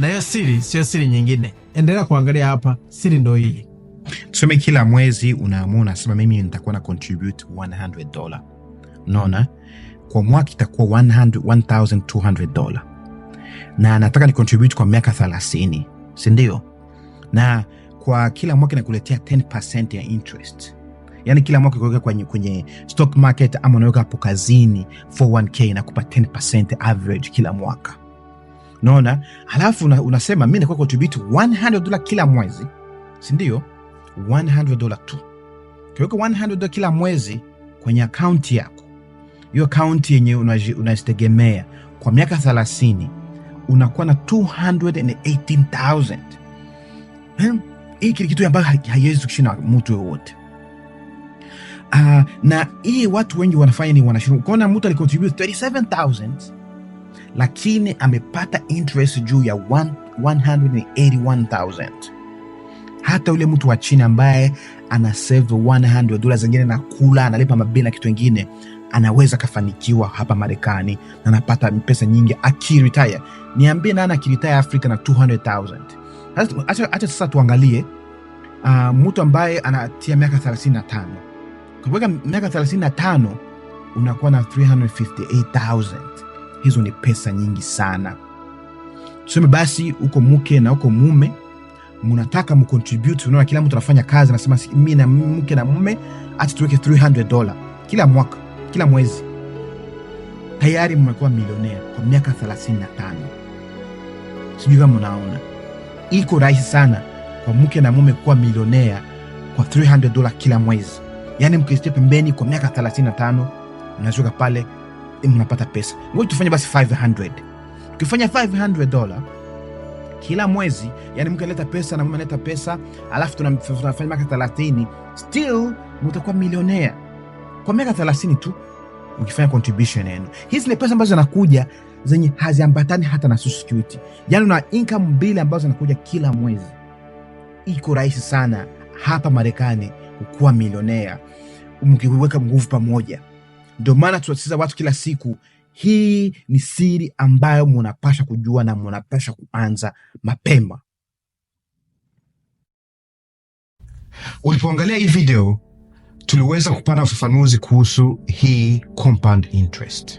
na hiyo siri sio siri nyingine. Endelea kuangalia hapa, siri ndo hii. Tuseme kila mwezi unaamua unasema, mimi nitakuwa na contribute 100 dola, unaona, kwa mwaka itakuwa 1200 dola, na nataka ni contribute kwa miaka 30, si ndio? Na kwa kila mwaka inakuletea 10% ya interest Yani kila mwaka ukiweka kwenye, kwenye stock market ama unaweka hapo kazini 401k inakupa 10% average kila mwaka naona. Halafu una, unasema mi nitakuwa contribute 100 dola kila mwezi, sindio 100 dola tu, kiweka 100 dola kila mwezi kwenye akaunti yako, hiyo akaunti yenye unazitegemea kwa miaka 30 unakuwa na 218,000. Hmm? Hii kitu ambayo haiwezi kushinda mtu yoyote. Uh, na hii watu wengi wanafanya ni wanashiriki. Ukaona mtu alikontribute 37,000 lakini amepata interest juu ya 181,000. Hata yule mtu wa chini ambaye ana save 100 dola zingine na kula analipa mabili na kitu kingine, anaweza akafanikiwa hapa Marekani na anapata pesa nyingi akiretire. Niambie nani akiretire Afrika na 200,000? Acha sasa tuangalie uh, mtu ambaye anatia miaka 35 kuweka miaka 35 unakuwa na 358,000 hizo ni pesa nyingi sana. Tuseme basi uko mke na uko mume mnataka mcontribute, unaona kila mtu anafanya kazi, anasema mimi na mke na mume acha tuweke 300 dola kila mwaka, kila mwezi. Tayari mmekuwa milionea kwa miaka 35. Sijui kama mnaona iko rahisi sana kwa mke na mume kuwa milionea kwa 300 dola kila mwezi, yaani mkisite pembeni kwa miaka 35 mnashuka pale mnapata pesa. Ngoja tufanye basi 500. Tukifanya 500 dola kila mwezi, yani mke analeta pesa na mume analeta pesa, alafu tunafanya miaka 30, still mtakuwa milionea kwa miaka 30 tu mkifanya contribution yenu. Hizi ni pesa ambazo zinakuja zenye haziambatani hata na Social Security, yani una income mbili ambazo zinakuja kila mwezi. Iko rahisi sana hapa Marekani kukuwa milionea mkiweka nguvu pamoja. Ndio maana tunasisitiza watu kila siku, hii ni siri ambayo munapasha kujua na munapasha kuanza mapema. Ulipoangalia hii video, tuliweza kupata ufafanuzi kuhusu hii compound interest.